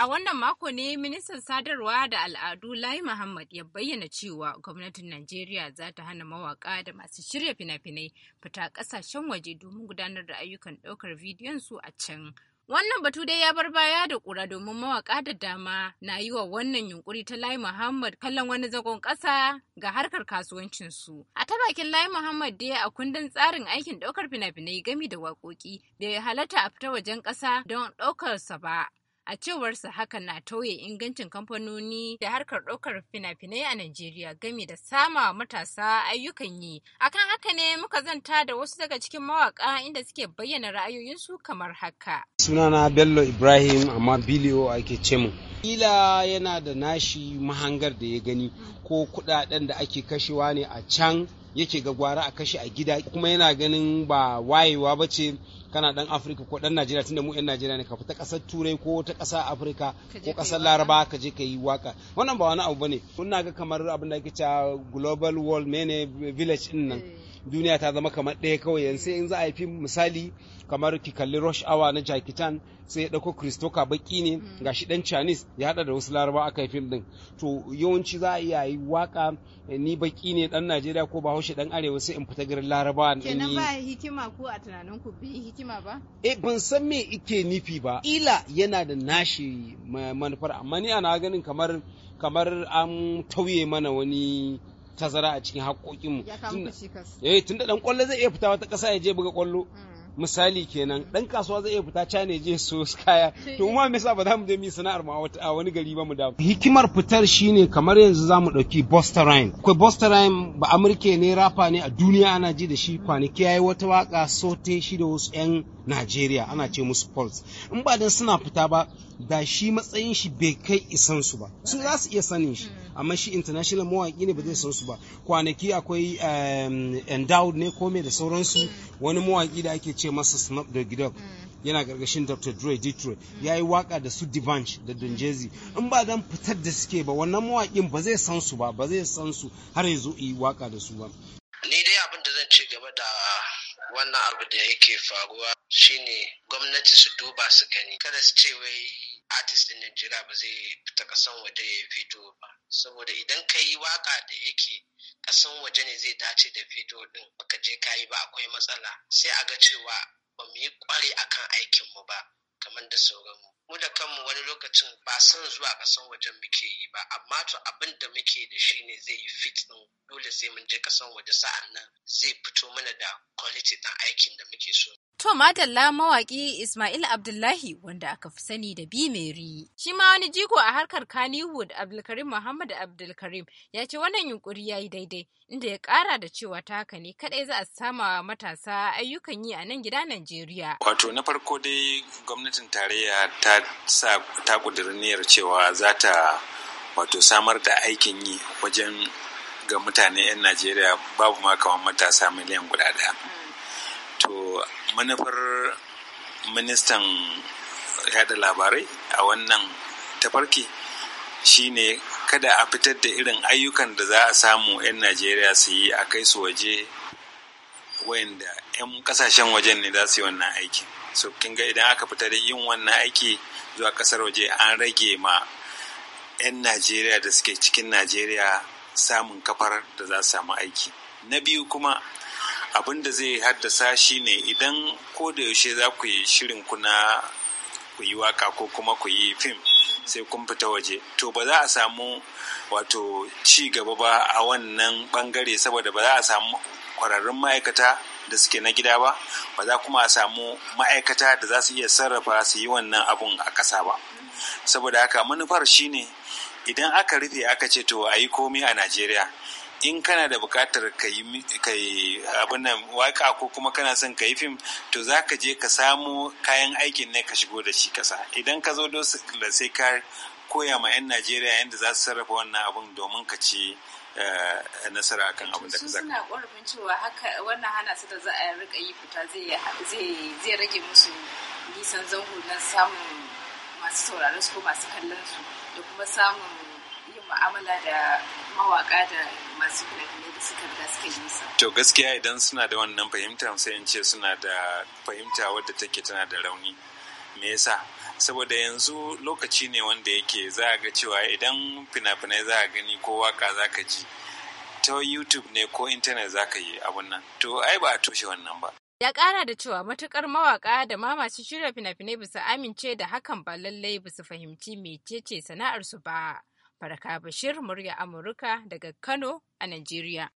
A wannan mako ne ministan sadarwa da al'adu Lai Muhammad ya bayyana cewa gwamnatin Najeriya za ta hana mawaƙa da masu shirya fina-finai fita ƙasashen waje domin gudanar da ayyukan ɗaukar bidiyon su a can. Wannan batu dai ya bar baya da kura domin mawaƙa da dama na yi wa wannan yunkuri ta Lai Muhammad kallon wani zagon ƙasa ga harkar kasuwancin su A ta bakin Lai Muhammad dai a kundin tsarin aikin ɗaukar fina-finai gami da waƙoƙi bai halatta a fita wajen ƙasa don ɗaukar sa ba. A cewarsa hakan na tauye ingancin kamfanoni da harkar ɗaukar fina-finai a Najeriya game da sama matasa ayyukan yi. Akan haka ne muka zanta da wasu daga cikin mawaka inda suke bayyana ra'ayoyinsu kamar haka. Sunana Bello Ibrahim amma Bilio ake ce mu. Kila yana da nashi mahangar da ya gani ko kudaden da ake kashewa ne a can yake ga gwara a kashe a gida kuma yana ganin ba wayewa ba ce kana dan afirka ko dan najeriya tunda mu yan najeriya ne ka fita kasar turai ko ta kasa afirka ko kasar laraba ka je ka yi waka wannan ba wani abu bane kuna ga kamar abin da ake cewa global world mene village din nan eh. duniya ta zama kamar ɗaya kawai yanzu in za a fim misali kamar ki kalli rush hour na jakitan sai ya ɗauko kristoka baki ne mm. Ga gashi ɗan chinese ya haɗa da wasu laraba aka yi fim ɗin to yawanci za a iya yi waka eh, ni baki ne ɗan najeriya ko bahaushe ɗan arewa sai in fita garin laraba kenan ba hikima ko a tunanin ku bi hikima ba eh ban san me ike nufi ba ila yana da nashi manufar amma ni ana ganin kamar kamar an tauye mana wani tazara a cikin haƙoƙinmu eh tunda ɗan kwallo zai iya fita wata ƙasa ya je buga kwallo hmm. misali kenan dan kasuwa zai iya fita China ya je so kaya to mu me sa ba za mu je mu sana'ar mu a wani gari ba mu da hikimar fitar shine kamar yanzu za mu dauki Buster Rhyme Akwai Buster Rhyme ba Amurke ne rapper ne a duniya ana ji da shi kwanaki yayi wata waka sote shi da wasu yan Najeriya ana ce musu Pulse in ba dan suna fita ba da shi matsayin shi bai kai isansu ba su za su iya sanin shi hmm. amma shi international mawaƙi ne ba zai san su ba kwanaki akwai endowed ne ko da sauransu wani mawaƙi da ake ce masa snap the dog mm. yana gargashin dr dre detroit mm. ya yi waka da su divanch da don mm. jezi in ba dan fitar da suke ba wannan mawaƙin ba zai san su ba ba zai san su har yanzu yi waka da su ba ni dai abin da zan ce game da wannan abu da yake faruwa shine gwamnati su duba su gani kada su ce wai artist din Najeriya ba zai fita kasan waje ya video ba saboda idan ka yi waka da yake kasan waje ne zai dace da video din baka je ka yi ba akwai matsala sai a ga cewa ba mu yi kware akan aikin mu ba kamar da sauran mu mu da kanmu wani lokacin ba son zuwa kasan wajen muke yi ba amma to abin da muke da shi ne zai yi fit din dole sai mun je kasan waje sa'an nan zai fito mana da quality na aikin da muke so To madalla mawaki Ismail Abdullahi wanda aka fi sani da mai Mary. Shi ma wani jiko a harkar Kannywood Abdulkarim Muhammad Abdulkarim ya ce wannan yunkuri ya yi daidai inda ya ƙara da cewa ta haka ne kaɗai za a sama matasa ayyukan yi a nan gida Najeriya. Wato na farko dai gwamnatin tarayya ta ta sa niyyar cewa za ta wato samar da aikin yi wajen ga mutane 'yan najeriya babu ma kamar matasa miliyan guda ɗaya to manufar ministan yada labarai a wannan tafarki shine kada a fitar da irin ayyukan da za a samu 'yan najeriya su yi a kai su waje wayanda 'yan ƙasashen waje ne za su yi wannan aiki so kin ga idan aka fita da yin wannan aiki zuwa ƙasar waje an rage ma 'yan najeriya da suke cikin najeriya samun kafar da za su samu aiki na biyu kuma abin da zai haddasa shi ne idan ko da yaushe za ku yi shirin kuna ku yi waka ko kuma ku yi fim sai kun fita waje to ba za a samu wato ci gaba ba a wannan bangare saboda ba za a samu kwararrun ma'aikata da suke na gida ba ba za kuma a samu ma'aikata da za su iya sarrafa su yi wannan abun a ƙasa ba saboda haka manufar shine idan aka rufe aka ce to a yi komai a najeriya in kana da bukatar ka yi abin nan waka ko kuma kana son ka yi fim to za ka je ka samu kayan aikin ne ka shigo da shi kasa idan ka zo da sai ka koya ma 'yan najeriya yadda za su sarrafa wannan abun domin ka ci Eh, nasara kan abin da ka sun Suna ƙorafin cewa haka wannan hana su da za a rika yi fita zai rage musu nisan zango na samun masu sauraron su ko masu kallon su da kuma samun yin mu'amala da mawaƙa da masu fina da suka riga suka yi nisa. To gaskiya idan suna da wannan fahimta sai in ce suna da fahimta wadda take tana da rauni. Me yasa saboda yanzu lokaci ne wanda yake za a ga cewa idan fina-finai za a gani ko waka za ka ji ta youtube ne ko intanet za ka yi abun nan to ai ba a toshe wannan ba ya kara da cewa matukar mawaka da ma masu shirya fina-finai ba su amince da hakan ba lallai ba su fahimci mecece sana'arsu ba farka bashir murya amurka daga kano a najeriya